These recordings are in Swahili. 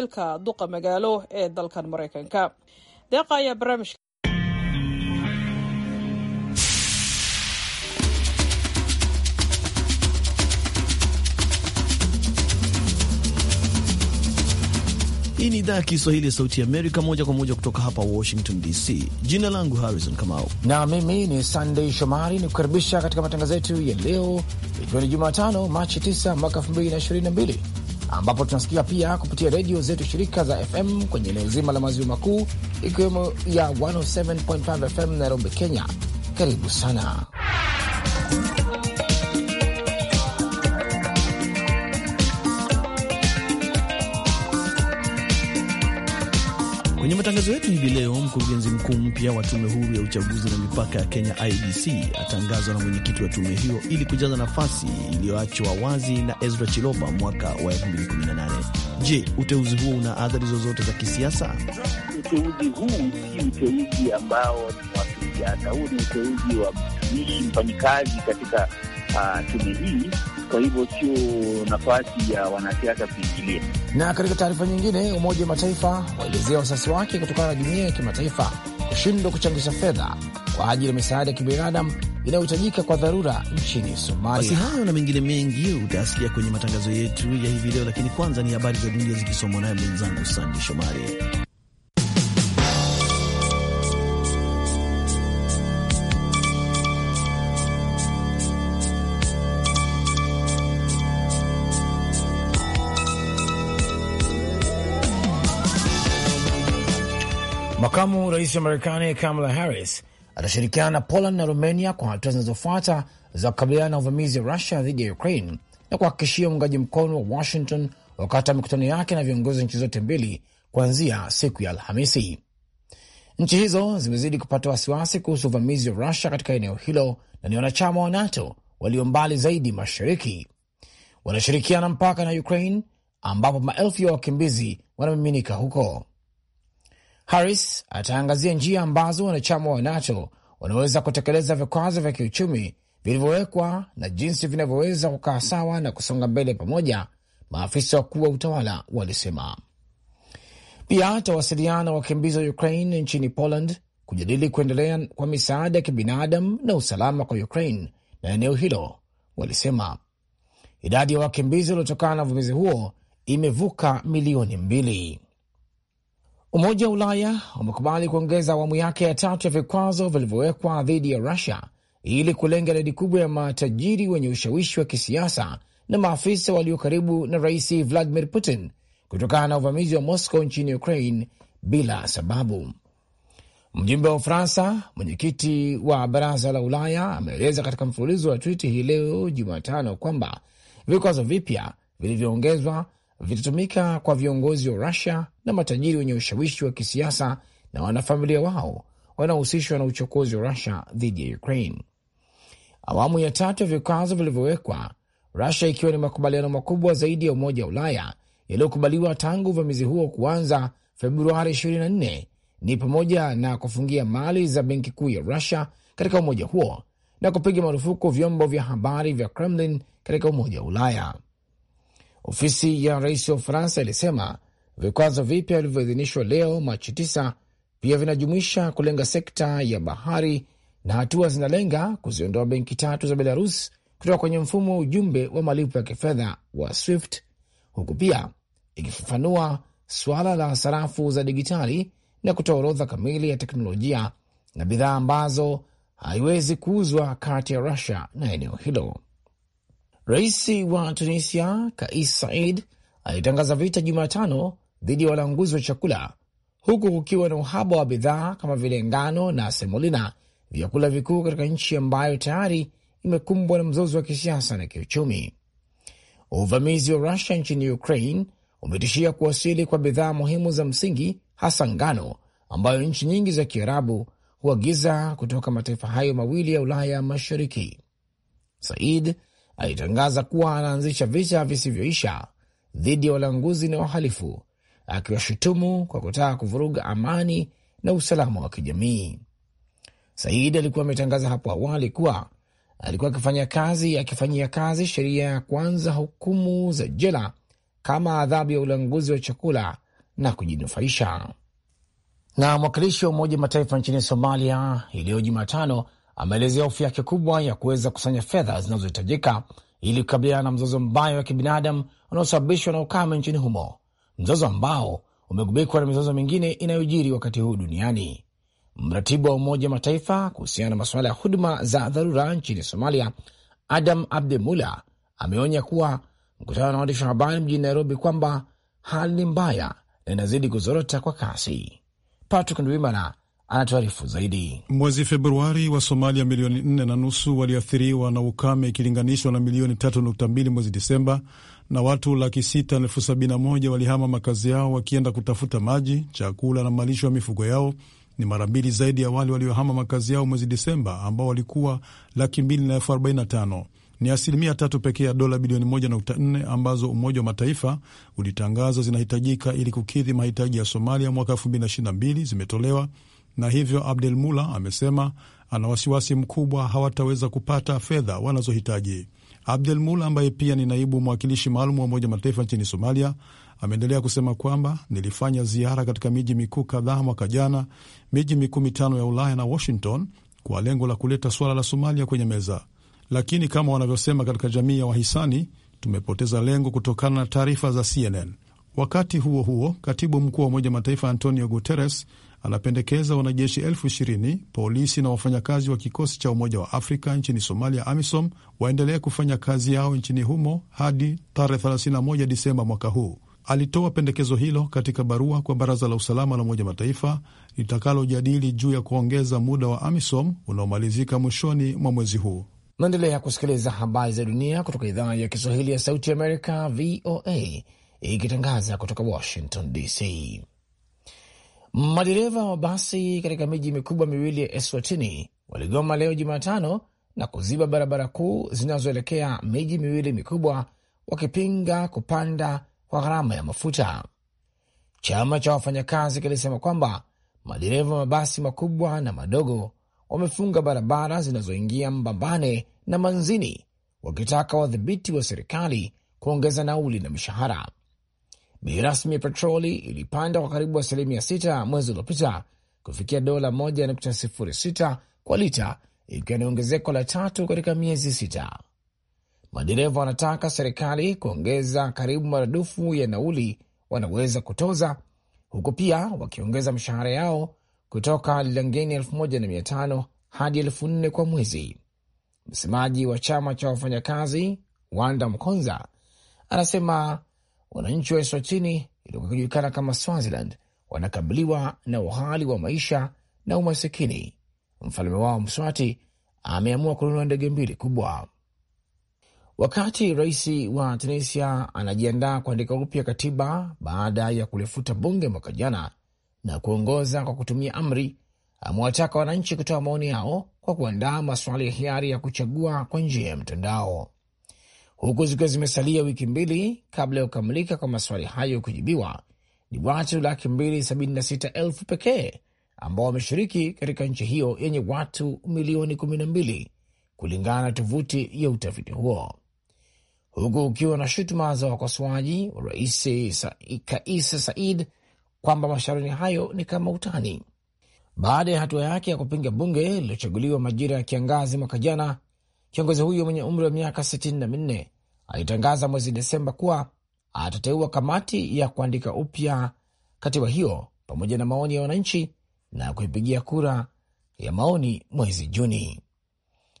ilka duqa magaalo ee dalkan maraykanka Deeqa ayaa barnaamijka Hii ni idhaa ya Kiswahili ya Sauti ya Amerika, moja kwa moja kutoka hapa Washington DC. Jina langu Harrison Kamau na mimi ni Sandey Shomari, ni kukaribisha katika matangazo yetu ya leo, ikiwa ni Jumatano Machi 9 mwaka 2022 ambapo tunasikia pia kupitia redio zetu shirika za FM kwenye eneo zima la maziwa makuu ikiwemo ya 107.5 FM Nairobi, Kenya. Karibu sana Kwenye matangazo yetu hivi leo, mkurugenzi mkuu mpya wa tume huru ya uchaguzi na mipaka ya Kenya IBC e atangazwa na mwenyekiti wa tume hiyo ili kujaza nafasi iliyoachwa wazi na Ezra Chiloba mwaka wa 2018. Je, uteuzi huo una athari zozote za kisiasa? Uteuzi huu si uteuzi ambao ni wa kisiasa. Huu ni uteuzi wa mtumishi, mfanyikazi katika uh, tume hii kwa hivyo sio nafasi ya wanasiasa kuingilia. Na katika taarifa nyingine, Umoja wa Mataifa waelezea wasiwasi wake kutokana na jumuiya ya kimataifa kushindwa kuchangisha fedha kwa ajili ya misaada ya kibinadamu inayohitajika kwa dharura nchini Somalia. Basi hayo na mengine mengi utayasikia kwenye matangazo yetu ya hivi leo, lakini kwanza ni habari za dunia zikisomwa naye mwenzangu Sandi Shomari. ujao rais wa Marekani Kamala Harris atashirikiana na Poland na Romania kwa hatua zinazofuata za kukabiliana na uvamizi wa Rusia dhidi ya Ukraine na kuhakikishia uungaji mkono wa Washington wakati wa mikutano yake na viongozi wa nchi zote mbili kuanzia siku ya Alhamisi. Nchi hizo zimezidi kupata wasiwasi kuhusu uvamizi wa Rusia katika eneo hilo na ni wanachama wa NATO walio mbali zaidi mashariki. Wanashirikiana mpaka na Ukraine ambapo maelfu ya wakimbizi wanamiminika huko. Harris ataangazia njia ambazo wanachama wa NATO wanaweza kutekeleza vikwazo vya kiuchumi vilivyowekwa na jinsi vinavyoweza kukaa sawa na kusonga mbele pamoja, maafisa wakuu wa utawala walisema. Pia atawasiliana na wakimbizi wa Ukraine nchini Poland kujadili kuendelea kwa misaada ya kibinadamu na usalama kwa Ukraine na eneo hilo, walisema. Idadi ya wakimbizi waliotokana na uvamizi huo imevuka milioni mbili. Umoja wa Ulaya umekubali kuongeza awamu yake ya tatu ya vikwazo vilivyowekwa dhidi ya Rusia ili kulenga idadi kubwa ya matajiri wenye ushawishi wa kisiasa na maafisa walio karibu na Rais Vladimir Putin kutokana na uvamizi wa Moscow nchini Ukraine bila sababu. Mjumbe wa Ufaransa, mwenyekiti wa baraza la Ulaya, ameeleza katika mfululizo wa twiti hii leo Jumatano kwamba vikwazo vipya vilivyoongezwa vitatumika kwa viongozi wa Rusia na matajiri wenye ushawishi wa kisiasa na wanafamilia wao wanaohusishwa na uchokozi wa Rusia dhidi ya Ukraine. Awamu ya tatu ya vikwazo vilivyowekwa Rusia ikiwa ni makubaliano makubwa zaidi ya Umoja wa Ulaya yaliyokubaliwa tangu uvamizi huo kuanza Februari 24 ni pamoja na kufungia mali za benki kuu ya Rusia katika umoja huo na kupiga marufuku vyombo vya habari vya Kremlin katika Umoja wa Ulaya. Ofisi ya rais wa Ufaransa ilisema vikwazo vipya vilivyoidhinishwa leo Machi 9 pia vinajumuisha kulenga sekta ya bahari na hatua zinalenga kuziondoa benki tatu za Belarus kutoka kwenye mfumo wa ujumbe wa malipo ya kifedha wa SWIFT, huku pia ikifafanua suala la sarafu za digitali na kutoa orodha kamili ya teknolojia na bidhaa ambazo haiwezi kuuzwa kati ya Rusia na eneo hilo. Rais wa Tunisia Kais said alitangaza vita Jumatano dhidi ya walanguzi wa chakula huku kukiwa na uhaba wa bidhaa kama vile ngano na semolina, vyakula vikuu katika nchi ambayo tayari imekumbwa na mzozo wa kisiasa na kiuchumi. Uvamizi wa Rusia nchini Ukraine umetishia kuwasili kwa bidhaa muhimu za msingi, hasa ngano ambayo nchi nyingi za Kiarabu huagiza kutoka mataifa hayo mawili ya Ulaya Mashariki. Said alitangaza kuwa anaanzisha vita visivyoisha dhidi ya walanguzi na wahalifu, akiwashutumu kwa kutaka kuvuruga amani na usalama wa kijamii. Said alikuwa ametangaza hapo awali kuwa alikuwa akifanya kazi akifanyia kazi sheria ya kwanza hukumu za jela kama adhabu ya ulanguzi wa chakula na kujinufaisha. Na mwakilishi wa Umoja Mataifa nchini Somalia iliyo Jumatano ameelezea hofu yake kubwa ya kuweza kusanya fedha zinazohitajika ili kukabiliana na mzozo mbaya wa kibinadamu unaosababishwa na ukame nchini humo, mzozo ambao umegubikwa na mizozo mingine inayojiri wakati huu duniani. Mratibu wa Umoja Mataifa kuhusiana na masuala ya huduma za dharura nchini Somalia, Adam abde mula ameonya kuwa mkutano na waandishi wa habari mjini Nairobi kwamba hali ni mbaya na inazidi kuzorota kwa kasi. Patrick Ndwimana anatuarifu zaidi. Mwezi Februari wa Somalia, milioni nne na nusu waliathiriwa na ukame ikilinganishwa na milioni tatu nukta mbili mwezi Disemba, na watu laki sita elfu sabini na moja walihama makazi yao wakienda kutafuta maji, chakula na malisho ya mifugo yao. Ni mara mbili zaidi ya wale waliohama makazi yao mwezi Disemba ambao walikuwa laki mbili na elfu arobaini na tano. Ni asilimia tatu pekee ya dola bilioni moja nukta nne ambazo Umoja wa Mataifa ulitangaza zinahitajika ili kukidhi mahitaji ya Somalia mwaka elfu mbili na ishirini na mbili zimetolewa na hivyo Abdel Mula amesema ana wasiwasi mkubwa hawataweza kupata fedha wanazohitaji. Abdel Mula ambaye pia ni naibu mwakilishi maalum wa Umoja Mataifa nchini Somalia ameendelea kusema kwamba nilifanya ziara katika miji mikuu kadhaa mwaka jana, miji mikuu mitano ya Ulaya na Washington kwa lengo la kuleta suala la Somalia kwenye meza, lakini kama wanavyosema katika jamii ya wahisani, tumepoteza lengo kutokana na taarifa za CNN. Wakati huo huo, katibu mkuu wa Umoja Mataifa Antonio Guterres anapendekeza wanajeshi elfu ishirini, polisi na wafanyakazi wa kikosi cha Umoja wa Afrika nchini Somalia, AMISOM, waendelee kufanya kazi yao nchini humo hadi tarehe 31 Disemba mwaka huu. Alitoa pendekezo hilo katika barua kwa Baraza la Usalama la Umoja Mataifa litakalojadili juu ya kuongeza muda wa AMISOM unaomalizika mwishoni mwa mwezi huu. Naendelea kusikiliza habari za dunia kutoka idhaa ya Kiswahili ya Sauti Amerika, VOA, ikitangaza kutoka Washington DC. Madereva wa basi katika miji mikubwa miwili ya Eswatini waligoma leo Jumatano na kuziba barabara kuu zinazoelekea miji miwili mikubwa wakipinga kupanda kwa gharama ya mafuta. Chama cha wafanyakazi kilisema kwamba madereva wa mabasi makubwa na madogo wamefunga barabara zinazoingia Mbambane na Manzini, wakitaka wadhibiti wa serikali kuongeza nauli na mishahara. Bei rasmi ya petroli ilipanda kwa karibu asilimia sita mwezi uliopita kufikia dola moja nukta sifuri sita kwa lita, ikiwa ni ongezeko la tatu katika miezi sita. Madereva wanataka serikali kuongeza karibu maradufu ya nauli wanaweza kutoza, huku pia wakiongeza mishahara yao kutoka lilangeni elfu moja na mia tano hadi elfu nne kwa mwezi. Msemaji wa chama cha wafanyakazi Wanda Mkonza anasema wananchi wa Eswatini iliyokuwa ikijulikana kama Swaziland wanakabiliwa na uhali wa maisha na umasikini. Mfalme wao Mswati ameamua kununua ndege mbili kubwa. Wakati rais wa Tunisia anajiandaa kuandika upya katiba baada ya kulifuta bunge mwaka jana na kuongoza kwa kutumia amri, amewataka wananchi kutoa maoni yao kwa kuandaa maswali ya hiari ya kuchagua kwa njia ya mtandao huku zikiwa zimesalia wiki mbili kabla ya kukamilika kwa maswali hayo kujibiwa. Ni watu laki mbili sabini na sita elfu pekee ambao wameshiriki katika nchi hiyo yenye watu milioni kumi na mbili kulingana na tovuti ya utafiti huo, huku ukiwa na shutuma za wakosoaji wa rais Kais Said kwamba masharani hayo ni kama utani, baada ya hatua yake ya kupinga bunge lililochaguliwa majira ya kiangazi mwaka jana Kiongozi huyo mwenye umri wa miaka 64 alitangaza mwezi Desemba kuwa atateua kamati ya kuandika upya katiba hiyo pamoja na maoni ya wananchi na kuipigia kura ya maoni mwezi Juni.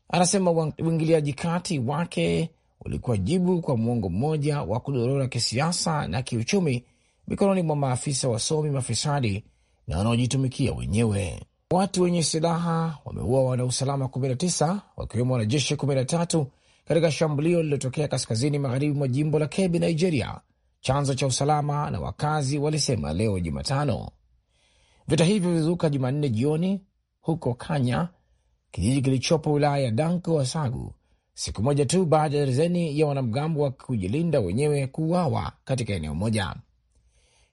Anasema uingiliaji kati wake ulikuwa jibu kwa muongo mmoja wa kudorora kisiasa na kiuchumi mikononi mwa maafisa wasomi mafisadi na wanaojitumikia wenyewe. Watu wenye silaha wameua wanausalama 19 wakiwemo wanajeshi 13 katika shambulio lililotokea kaskazini magharibi mwa jimbo la Kebi, Nigeria, chanzo cha usalama na wakazi walisema leo Jumatano. Vita hivyo vilizuka Jumanne jioni huko Kanya, kijiji kilichopo wilaya ya Danko Wasagu, siku moja tu baada ya darzeni ya wanamgambo wa kujilinda wenyewe kuuawa katika eneo moja.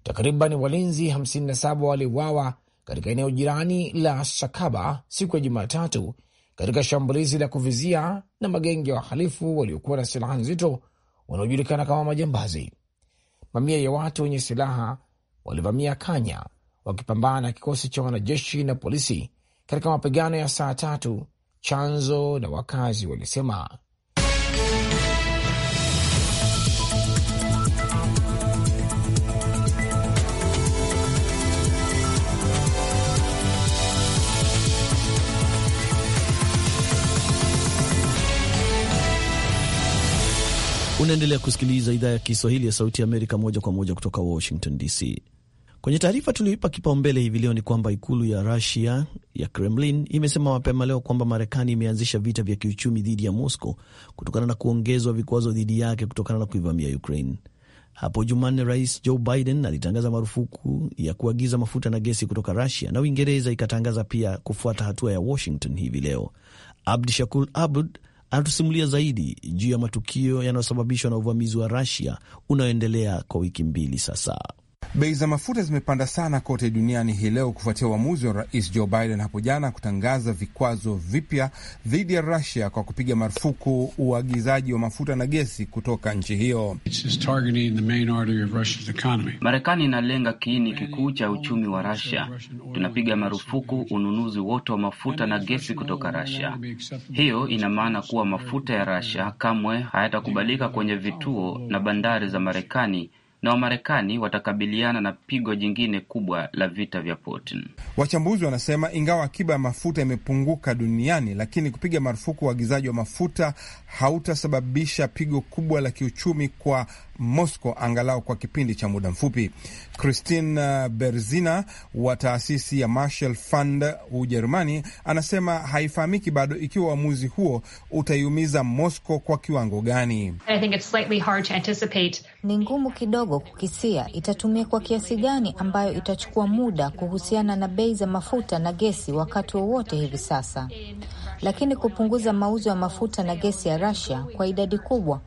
Takriban walinzi 57 waliuawa katika eneo jirani la Sakaba siku ya Jumatatu katika shambulizi la kuvizia na magenge ya wahalifu waliokuwa na silaha nzito wanaojulikana kama majambazi. Mamia ya watu wenye silaha walivamia Kanya wakipambana na kikosi cha wanajeshi na polisi katika mapigano ya saa tatu, chanzo na wakazi walisema. Unaendelea kusikiliza idhaa ya Kiswahili ya Sauti ya Amerika moja kwa moja kutoka Washington DC. Kwenye taarifa tuliyoipa kipaumbele hivi leo ni kwamba ikulu ya Rusia ya Kremlin imesema mapema leo kwamba Marekani imeanzisha vita vya kiuchumi dhidi ya Moscow kutokana na kuongezwa vikwazo dhidi yake kutokana na kuivamia Ukraine. Hapo Jumanne, Rais Joe Biden alitangaza marufuku ya kuagiza mafuta na gesi kutoka Rusia na Uingereza ikatangaza pia kufuata hatua ya Washington hivi leo. Abdi Abud anatusimulia zaidi juu ya matukio yanayosababishwa na uvamizi wa Russia unaoendelea kwa wiki mbili sasa. Bei za mafuta zimepanda sana kote duniani hii leo kufuatia uamuzi wa rais Joe Biden hapo jana kutangaza vikwazo vipya dhidi ya Rusia kwa kupiga marufuku uagizaji wa mafuta na gesi kutoka nchi hiyo. Marekani inalenga kiini kikuu cha uchumi wa rasia Tunapiga marufuku ununuzi wote wa mafuta na gesi kutoka rasia Hiyo ina maana kuwa mafuta ya rasia kamwe hayatakubalika kwenye vituo na bandari za Marekani na Wamarekani watakabiliana na pigo jingine kubwa la vita vya Putin. Wachambuzi wanasema ingawa akiba ya mafuta imepunguka duniani, lakini kupiga marufuku uagizaji wa mafuta hautasababisha pigo kubwa la kiuchumi kwa Moscow, angalau kwa kipindi cha muda mfupi. Christine Berzina wa taasisi ya Marshall Fund Ujerumani anasema haifahamiki bado ikiwa uamuzi huo utaiumiza Moscow kwa kiwango gani. Ni ngumu kidogo kidogo kukisia itatumia kwa kiasi gani, ambayo itachukua muda kuhusiana na bei za mafuta na gesi wakati wowote hivi sasa, lakini kupunguza mauzo ya mafuta na gesi ya Russia kwa idadi kubwa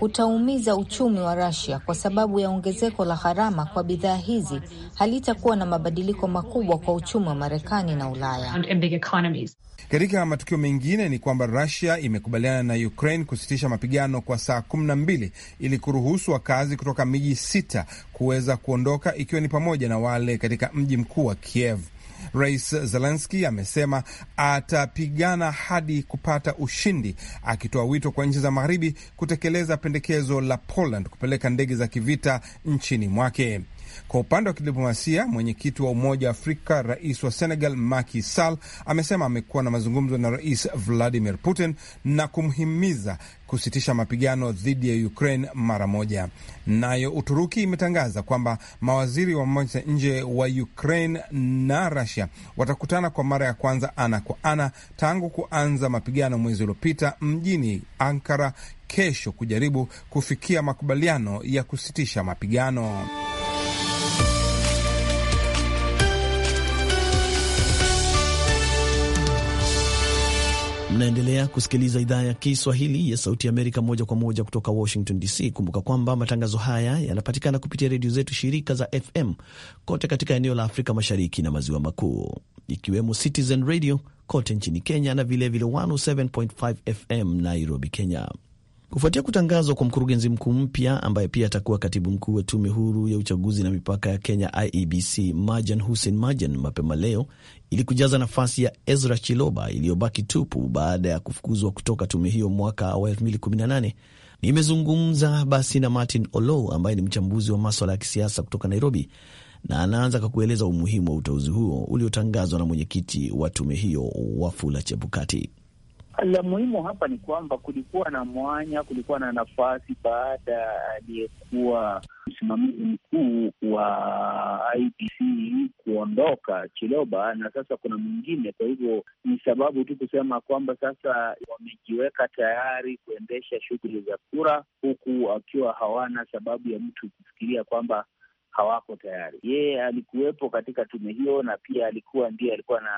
kutaumiza uchumi wa Russia kwa sababu ya ongezeko la gharama kwa bidhaa hizi halitakuwa na mabadiliko makubwa kwa uchumi wa Marekani na Ulaya. Katika matukio mengine ni kwamba Russia imekubaliana na Ukraine kusitisha mapigano kwa saa kumi na mbili ili kuruhusu wakazi kutoka miji sita kuweza kuondoka ikiwa ni pamoja na wale katika mji mkuu wa Kiev. Rais Zelenski amesema atapigana hadi kupata ushindi, akitoa wito kwa nchi za magharibi kutekeleza pendekezo la Poland kupeleka ndege za kivita nchini mwake. Kwa upande wa kidiplomasia, mwenyekiti wa Umoja wa Afrika, rais wa Senegal Macky Sall amesema amekuwa na mazungumzo na Rais Vladimir Putin na kumhimiza kusitisha mapigano dhidi ya Ukraine mara moja. Nayo Uturuki imetangaza kwamba mawaziri wa mambo ya nje wa Ukraine na Russia watakutana kwa mara ya kwanza ana kwa ana tangu kuanza mapigano mwezi uliopita mjini Ankara kesho kujaribu kufikia makubaliano ya kusitisha mapigano. Mnaendelea kusikiliza idhaa ya Kiswahili ya Sauti Amerika moja kwa moja kutoka Washington DC. Kumbuka kwamba matangazo haya yanapatikana kupitia redio zetu shirika za FM kote katika eneo la Afrika Mashariki na Maziwa Makuu, ikiwemo Citizen Radio kote nchini Kenya na vilevile 107.5 FM Nairobi, Kenya kufuatia kutangazwa kwa mkurugenzi mkuu mpya ambaye pia atakuwa katibu mkuu wa tume huru ya uchaguzi na mipaka ya Kenya IEBC Majan Hussein Majan mapema leo ili kujaza nafasi ya Ezra Chiloba iliyobaki tupu baada ya kufukuzwa kutoka tume hiyo mwaka wa 2018. Nimezungumza basi na Martin olo ambaye ni mchambuzi wa maswala ya kisiasa kutoka Nairobi, na anaanza kwa kueleza umuhimu wa uteuzi huo uliotangazwa na mwenyekiti wa tume hiyo Wafula Chebukati. La muhimu hapa ni kwamba kulikuwa na mwanya, kulikuwa na nafasi baada ya aliyekuwa msimamizi mkuu wa IBC kuondoka Chiloba, na sasa kuna mwingine. Kwa hivyo ni sababu tu kusema kwamba sasa wamejiweka tayari kuendesha shughuli za kura, huku wakiwa hawana sababu ya mtu kufikiria kwamba hawako tayari. Yeye alikuwepo katika tume hiyo na pia alikuwa ndiye alikuwa na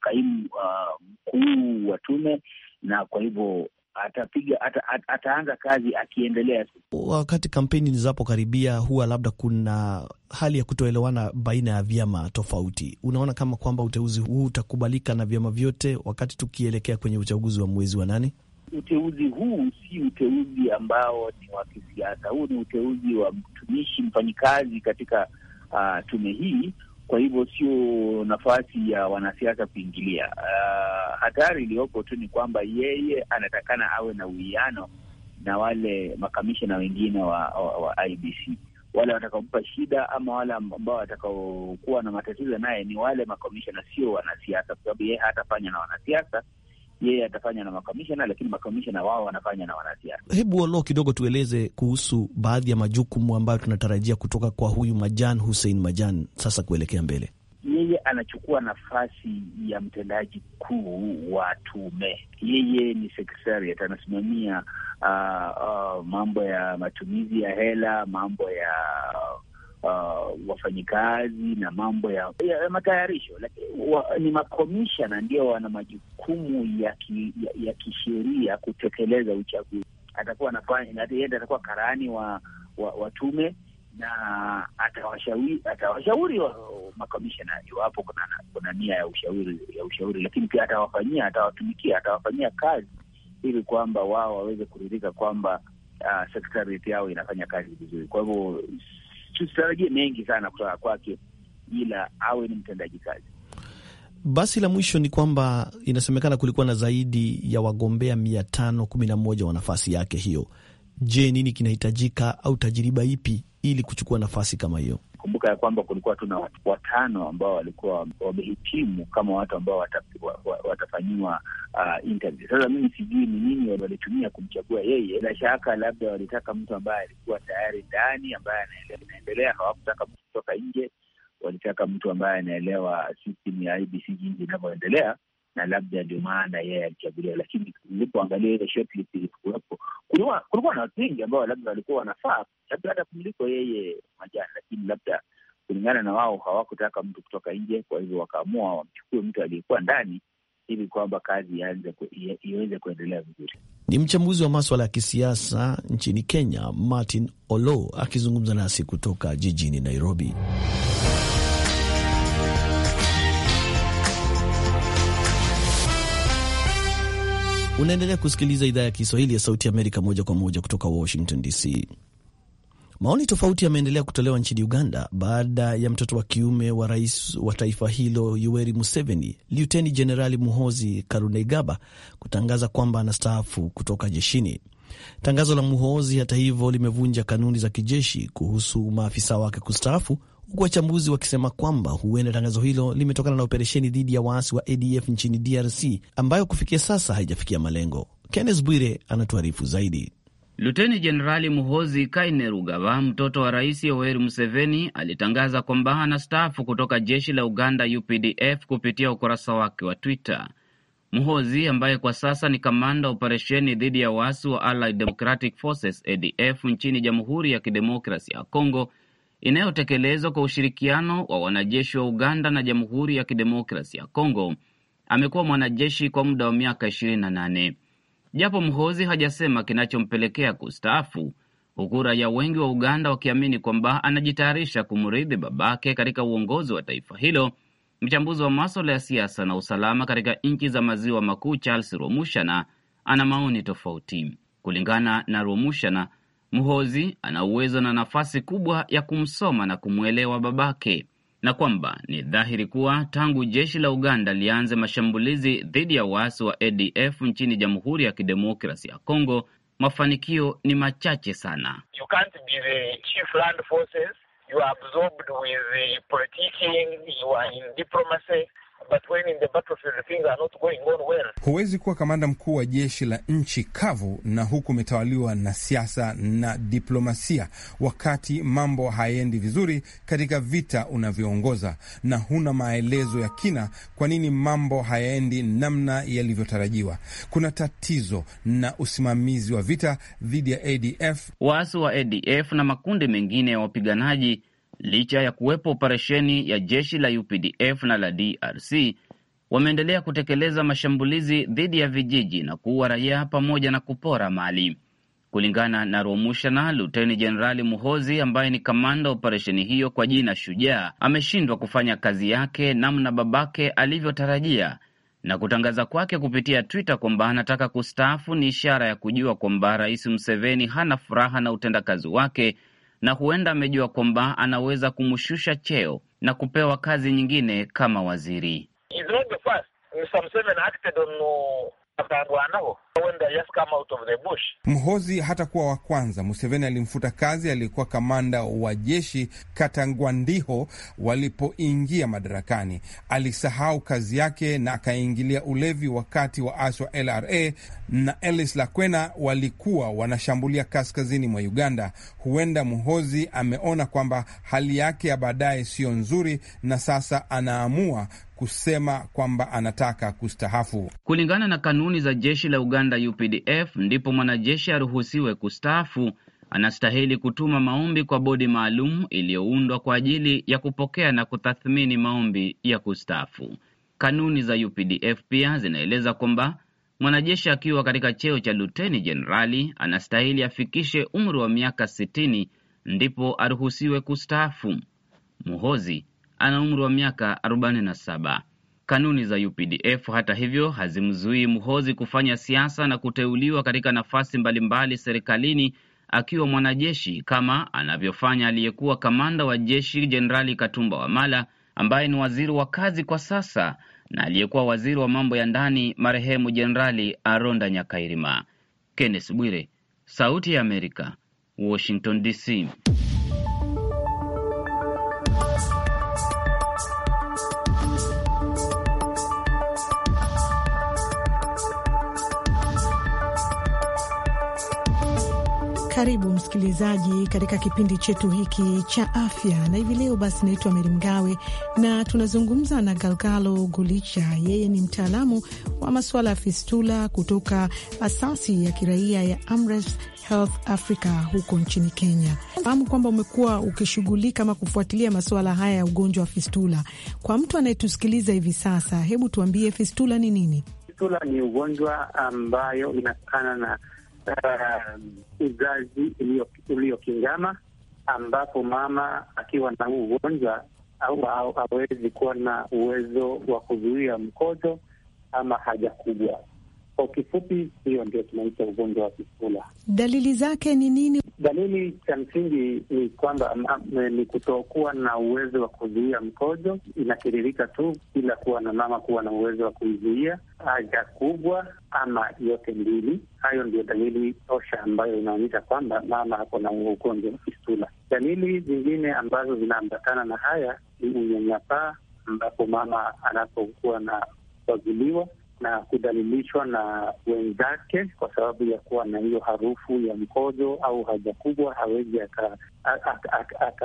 kaimu uh, mkuu wa tume, na kwa hivyo atapiga ata, ata, ataanza kazi akiendelea. Wakati kampeni zinapokaribia, huwa labda kuna hali ya kutoelewana baina ya vyama tofauti. Unaona kama kwamba uteuzi huu utakubalika na vyama vyote wakati tukielekea kwenye uchaguzi wa mwezi wa nane? uteuzi huu si uteuzi ambao ni wa kisiasa. Huu ni uteuzi wa mtumishi, mfanyikazi katika uh, tume hii. Kwa hivyo sio nafasi ya wanasiasa kuingilia. Uh, hatari iliyopo tu ni kwamba yeye anatakana awe na uwiano na wale makamishina wengine wa, wa, wa IBC wale watakaompa shida ama wale ambao watakaokuwa na matatizo naye ni wale makomishona, sio wanasiasa, kwa sababu yeye hatafanya na wanasiasa, yeye atafanya na makamishna, lakini makamishna wao wanafanya na wanasiasa. Hebu Oloo, kidogo tueleze kuhusu baadhi ya majukumu ambayo tunatarajia kutoka kwa huyu Majan Hussein Majan sasa kuelekea mbele. Yeye anachukua nafasi ya mtendaji kuu wa tume. Yeye ni sekretariat, anasimamia uh, uh, mambo ya matumizi ya hela, mambo ya uh, uh, wafanyikazi na mambo ya, ya matayarisho wa, ni makomishana ndio wana majukumu ya, ki, ya, ya kisheria kutekeleza uchaguzi. Atakuwa anafanya yenda, atakuwa karani wa, wa, wa tume na atawashauri atawashauri makomishana iwapo kuna, kuna nia ya ushauri ya ushauri, lakini pia atawafanyia atawatumikia atawafanyia kazi ili kwamba wao waweze kuridhika kwamba uh, sekretarieti yao inafanya kazi vizuri. Kwa hivyo tusitarajie mengi sana kutoka kwake, ila awe ni mtendaji kazi. Basi la mwisho ni kwamba inasemekana kulikuwa na zaidi ya wagombea mia tano kumi na moja wa nafasi yake hiyo. Je, nini kinahitajika au tajiriba ipi ili kuchukua nafasi kama hiyo? Kumbuka ya kwamba kulikuwa tuna watu watano ambao walikuwa wamehitimu kama watu ambao wata, watafanyiwa uh, interview. Sasa mimi sijui ni nini walitumia kumchagua yeye. Bila shaka, labda walitaka mtu ambaye alikuwa tayari ndani, ambaye anaendelea, hawakutaka mtu kutoka nje. Walitaka mtu ambaye anaelewa system ya IBC jinsi inavyoendelea na labda ndio maana yeye alichaguliwa. Lakini nilipoangalia ile shortlist ilikuwepo, kulikuwa na watu wengi ambao labda walikuwa wanafaa labda hata kumliko yeye Majani, lakini labda kulingana na wao hawakutaka mtu kutoka nje, kwa hivyo wakaamua wamchukue mtu aliyekuwa ndani ili kwamba kazi iweze kuendelea vizuri. Ni mchambuzi wa maswala ya kisiasa nchini Kenya, Martin Olo akizungumza nasi kutoka jijini Nairobi. Unaendelea kusikiliza idhaa ya Kiswahili ya Sauti ya Amerika moja kwa moja kutoka Washington DC. Maoni tofauti yameendelea kutolewa nchini Uganda baada ya mtoto wa kiume wa rais wa taifa hilo Yoweri Museveni, Luteni Jenerali Muhozi karuneigaba kutangaza kwamba anastaafu kutoka jeshini. Tangazo la Muhozi hata hivyo limevunja kanuni za kijeshi kuhusu maafisa wake kustaafu, huku wachambuzi wakisema kwamba huenda tangazo hilo limetokana na operesheni dhidi ya waasi wa ADF nchini DRC ambayo kufikia sasa haijafikia malengo. Kennes Bwire anatuarifu zaidi. Luteni Jenerali Muhozi Kainerugaba, mtoto wa Rais Yoweri Museveni, alitangaza kwamba anastaafu kutoka jeshi la Uganda, UPDF, kupitia ukurasa wake wa Twitter. Muhozi ambaye kwa sasa ni kamanda operesheni dhidi ya waasi wa Allied Democratic Forces, ADF, nchini Jamhuri ya Kidemokrasia ya Kongo inayotekelezwa kwa ushirikiano wa wanajeshi wa Uganda na Jamhuri ya Kidemokrasi ya congo Amekuwa mwanajeshi kwa muda wa miaka 28. Japo Mhozi hajasema kinachompelekea kustaafu, huku raia wengi wa Uganda wakiamini kwamba anajitayarisha kumrithi babake katika uongozi wa taifa hilo. Mchambuzi wa maswala ya siasa na usalama katika nchi za maziwa makuu Charles Romushana ana maoni tofauti. Kulingana na Romushana, mhozi ana uwezo na nafasi kubwa ya kumsoma na kumwelewa babake na kwamba ni dhahiri kuwa tangu jeshi la Uganda lianze mashambulizi dhidi ya waasi wa ADF nchini Jamhuri ya Kidemokrasi ya Kongo, mafanikio ni machache sana. You can't be the chief land forces. You are absorbed with the politicking, you are in diplomacy but when in the battlefield things are not going on well. Huwezi kuwa kamanda mkuu wa jeshi la nchi kavu na huku umetawaliwa na siasa na diplomasia, wakati mambo hayaendi vizuri katika vita unavyoongoza, na huna maelezo ya kina kwa nini mambo hayaendi namna yalivyotarajiwa. Kuna tatizo na usimamizi wa vita dhidi ya ADF, waasi wa ADF na makundi mengine ya wapiganaji licha ya kuwepo operesheni ya jeshi la UPDF na la DRC, wameendelea kutekeleza mashambulizi dhidi ya vijiji na kuua raia pamoja na kupora mali. Kulingana na Romushana, Luteni Jenerali Muhozi ambaye ni kamanda wa operesheni hiyo kwa jina Shujaa ameshindwa kufanya kazi yake namna babake alivyotarajia, na kutangaza kwake kupitia Twitter kwamba anataka kustaafu ni ishara ya kujua kwamba Rais mseveni hana furaha na utendakazi wake na huenda amejua kwamba anaweza kumshusha cheo na kupewa kazi nyingine kama waziri. Mhozi hata kuwa wa kwanza. Museveni alimfuta kazi aliyekuwa kamanda wa jeshi Katangwandiho walipoingia madarakani. Alisahau kazi yake na akaingilia ulevi wakati waasi wa LRA na Elis Lakwena walikuwa wanashambulia kaskazini mwa Uganda. Huenda Mhozi ameona kwamba hali yake ya baadaye siyo nzuri, na sasa anaamua kusema kwamba anataka kustahafu. Kulingana na kanuni za jeshi la Uganda UPDF, ndipo mwanajeshi aruhusiwe kustaafu, anastahili kutuma maombi kwa bodi maalum iliyoundwa kwa ajili ya kupokea na kutathmini maombi ya kustaafu. Kanuni za UPDF pia zinaeleza kwamba mwanajeshi akiwa katika cheo cha luteni jenerali anastahili afikishe umri wa miaka 6 ndipo aruhusiwe kustaafu. Muhozi ana umri wa miaka 47. Kanuni za UPDF hata hivyo hazimzuii Muhozi kufanya siasa na kuteuliwa katika nafasi mbalimbali serikalini akiwa mwanajeshi kama anavyofanya aliyekuwa kamanda wa jeshi Jenerali Katumba Wamala ambaye ni waziri wa kazi kwa sasa na aliyekuwa waziri wa mambo ya ndani marehemu Jenerali Aronda Nyakairima. Kenneth Bwire, Sauti ya Amerika, Washington DC. Karibu msikilizaji katika kipindi chetu hiki cha afya, na hivi leo basi naitwa Meri Mgawe na tunazungumza na Galgalo Gulicha. Yeye ni mtaalamu wa masuala ya fistula kutoka asasi ya kiraia ya Amref Health Africa huko nchini Kenya. Fahamu kwamba umekuwa ukishughulika ama kufuatilia masuala haya ya ugonjwa wa fistula. Kwa mtu anayetusikiliza hivi sasa, hebu tuambie fistula ni nini? Fistula ni ugonjwa ambayo inatokana na Uh, uzazi uliokingama ambapo mama akiwa na huu ugonjwa hawezi kuwa na uwezo wa kuzuia mkojo ama haja kubwa. Kwa kifupi, hiyo ndio tunaita ugonjwa wa kifula. Dalili zake ni nini? Dalili cha msingi ni kwamba eh, ni kutokuwa na uwezo wa kuzuia mkojo, inatiririka tu bila kuwa na mama kuwa na uwezo wa kuizuia, haja kubwa ama yote mbili. Hayo ndio dalili tosha ambayo inaonyesha kwamba mama ako na ugonjwa wa fistula. Dalili zingine ambazo zinaambatana na haya ni unyanyapaa, ambapo mama anapokuwa na kuaguliwa na kudhalilishwa na wenzake kwa sababu ya kuwa na hiyo harufu ya mkojo au haja kubwa, hawezi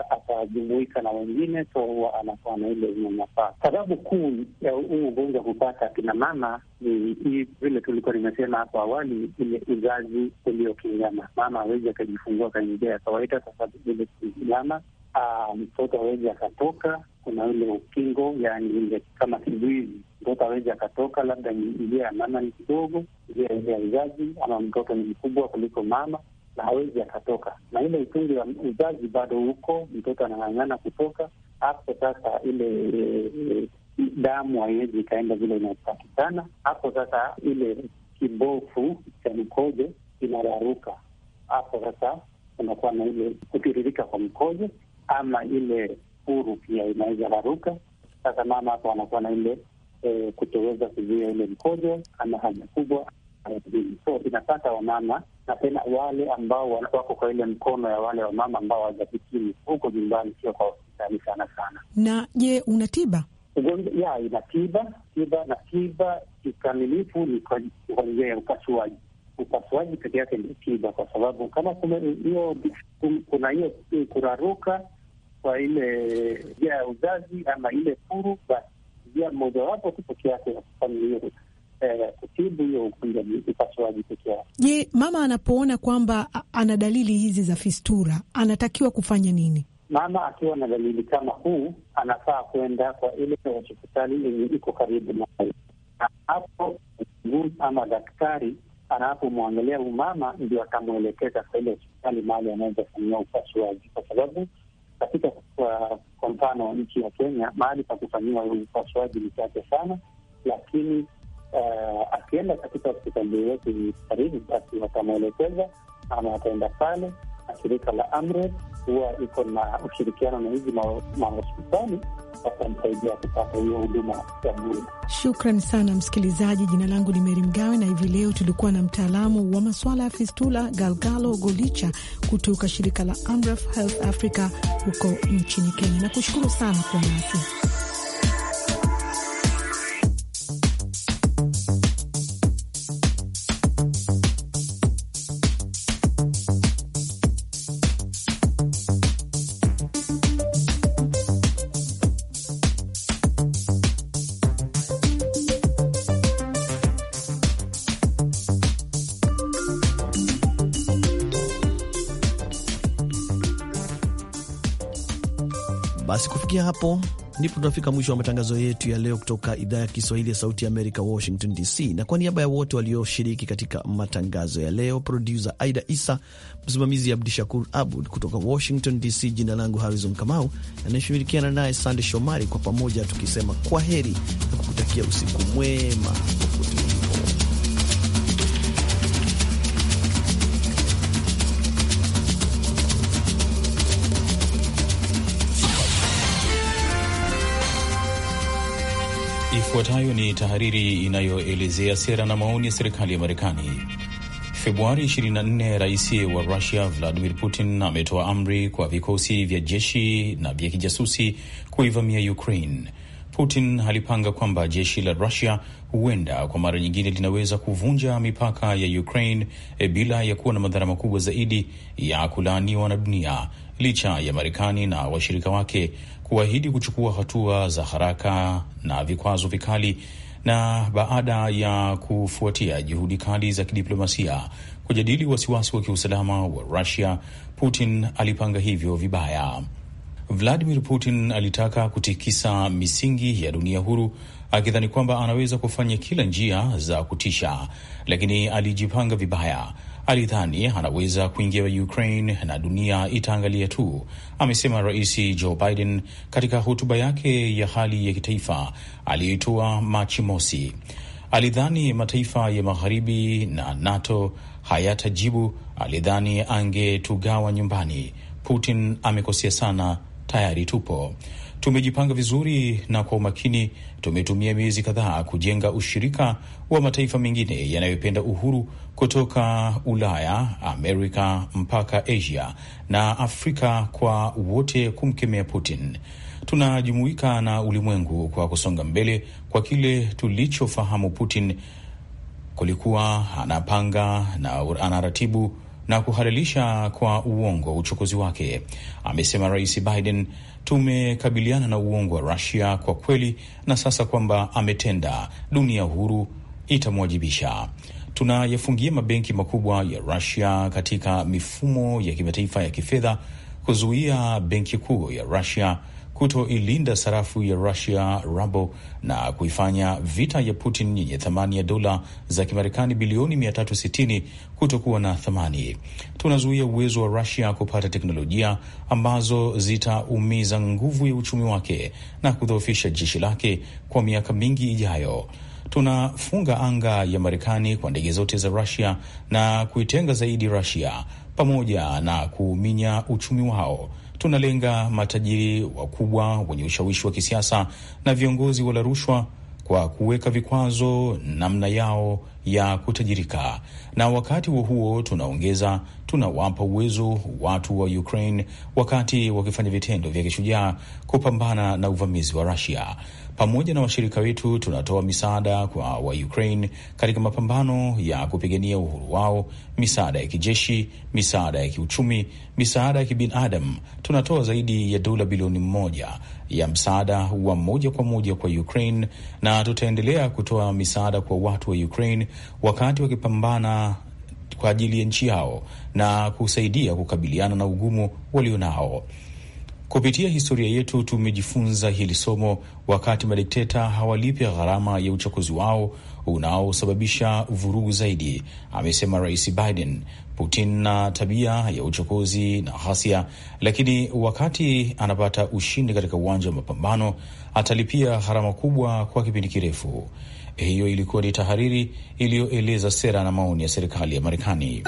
akajumuika na wengine, so huwa anakuwa na ile unyanyapaa. Sababu kuu ya huu ugonjwa kupata akina mama ni hii, vile tulikuwa nimesema hapo awali, ile uzazi uliokingana. Mama hawezi akajifungua kwa njia ya kawaida kwa sababu ile kuingana, ah, mtoto hawezi akatoka kuna ule ukingo, yani ile kama kizuizi, mtoto awezi akatoka, labda njia ya mama ni kidogo, njia ya uzazi, ama mtoto ni mkubwa kuliko mama na hawezi akatoka, na ile utungi wa uzazi bado huko, mtoto anang'ang'ana kutoka. Hapo sasa ile e, damu haiwezi ikaenda vile inapatikana. Hapo sasa ile kibofu cha mkojo inararuka. Hapo sasa unakuwa na ile kutiririka kwa mkojo ama ile huru pia inaweza haruka. Sasa mama hapo anakuwa na ile e, kutoweza kuzuia ile mkojo ama haja kubwa so inapata wamama na tena wale ambao wako kwa ile mkono ya wale wamama ambao hawajafikiri huko nyumbani, sio kwa hospitali sana sana. Na je, una tiba Ya, ina tiba tiba, na tiba kikamilifu ni kwa njia ya upasuaji. Upasuaji peke yake ndio tiba, kwa sababu kama kuna hiyo eh, kuraruka kwa ile njia ya uzazi ama ile furu, basi njia mmojawapo tu peke yake ya kufanya hiyo eh, kutibu hiyo ugonjwa ni upasuaji peke yake. Je, mama anapoona kwamba ana dalili hizi za fistura anatakiwa kufanya nini? Mama akiwa na dalili kama huu, anafaa kwenda kwa ile hospitali yenye iko karibu naye, hapo ama daktari anapomwangalia umama, ndio atamwelekeza kwa ile hospitali mahali anaweza kufanyia upasuaji, kwa sababu katika kwa mfano nchi ya Kenya, mahali pa kufanyiwa upasuaji ni chache sana, lakini uh, akienda katika hospitali yoyote karibu, basi watamwelekeza ama ataenda pale shirika la AMRED huwa iko na ushirikiano na hizi mahospitali watamsaidia kupata hiyo huduma ya bure. Shukran sana msikilizaji, jina langu ni Meri Mgawe na hivi leo tulikuwa na mtaalamu wa masuala ya fistula Galgalo Golicha kutoka shirika la Amref Health Africa huko nchini Kenya na kushukuru sana kwa nasi kufikia hapo ndipo tunafika mwisho wa matangazo yetu ya leo kutoka idhaa ya Kiswahili ya Sauti ya Amerika, Washington DC. Na kwa niaba ya wote walioshiriki katika matangazo ya leo, produsa Aida Isa, msimamizi Abdu Shakur Abud kutoka Washington DC, jina langu Harrison Kamau anayeshughulikiana naye Sande Shomari, kwa pamoja tukisema kwa heri na kukutakia usiku mwema. Ifuatayo ni tahariri inayoelezea sera na maoni ya serikali ya Marekani. Februari 24, rais wa Rusia Vladimir Putin ametoa amri kwa vikosi vya jeshi na vya kijasusi kuivamia Ukraine. Putin alipanga kwamba jeshi la Rusia huenda kwa mara nyingine linaweza kuvunja mipaka ya Ukraine e, bila ya kuwa na madhara makubwa zaidi ya kulaaniwa na dunia, licha ya Marekani na washirika wake kuahidi kuchukua hatua za haraka na vikwazo vikali na baada ya kufuatia juhudi kali za kidiplomasia kujadili wasiwasi wa kiusalama wa Rusia, Putin alipanga hivyo vibaya. Vladimir Putin alitaka kutikisa misingi ya dunia huru, akidhani kwamba anaweza kufanya kila njia za kutisha, lakini alijipanga vibaya alidhani anaweza kuingia Ukraine na dunia itaangalia tu, amesema Rais Joe Biden katika hotuba yake ya hali ya kitaifa aliyoitoa Machi mosi. Alidhani mataifa ya magharibi na NATO hayatajibu, alidhani angetugawa nyumbani. Putin amekosea sana, tayari tupo Tumejipanga vizuri na kwa umakini, tumetumia miezi kadhaa kujenga ushirika wa mataifa mengine yanayopenda uhuru kutoka Ulaya, Amerika mpaka Asia na Afrika, kwa wote kumkemea Putin. Tunajumuika na ulimwengu kwa kusonga mbele kwa kile tulichofahamu. Putin kulikuwa anapanga na anaratibu na kuhalalisha kwa uongo uchokozi wake, amesema Rais Biden tumekabiliana na uongo wa Rusia kwa kweli, na sasa kwamba ametenda, dunia huru itamwajibisha. Tunayafungia mabenki makubwa ya Rusia katika mifumo ya kimataifa ya kifedha, kuzuia benki kuu ya Rusia kutoilinda sarafu ya Russia rabo na kuifanya vita ya Putin yenye thamani ya dola za Kimarekani bilioni 360 kutokuwa na thamani. Tunazuia uwezo wa Russia kupata teknolojia ambazo zitaumiza nguvu ya uchumi wake na kudhoofisha jeshi lake kwa miaka mingi ijayo. Tunafunga anga ya Marekani kwa ndege zote za Rusia na kuitenga zaidi Rusia, pamoja na kuuminya uchumi wao tunalenga matajiri wakubwa wenye ushawishi wa kisiasa na viongozi wala rushwa kwa kuweka vikwazo namna yao ya kutajirika, na wakati huo huo tunaongeza, tunawapa uwezo watu wa Ukraine wakati wakifanya vitendo vya kishujaa kupambana na uvamizi wa rasia pamoja na washirika wetu tunatoa misaada kwa wa Ukraine katika mapambano ya kupigania uhuru wao, misaada ya kijeshi, misaada ya kiuchumi, misaada ya kibinadamu. Tunatoa zaidi ya dola bilioni moja ya msaada wa moja kwa moja kwa Ukraine, na tutaendelea kutoa misaada kwa watu wa Ukraine wakati wakipambana kwa ajili ya nchi yao na kusaidia kukabiliana na ugumu walionao. Kupitia historia yetu tumejifunza hili somo, wakati madikteta hawalipi gharama ya uchokozi wao unaosababisha vurugu zaidi, amesema Rais Biden. Putin na tabia ya uchokozi na ghasia, lakini wakati anapata ushindi katika uwanja wa mapambano atalipia gharama kubwa kwa kipindi kirefu. Hiyo ilikuwa ni tahariri iliyoeleza sera na maoni ya serikali ya Marekani.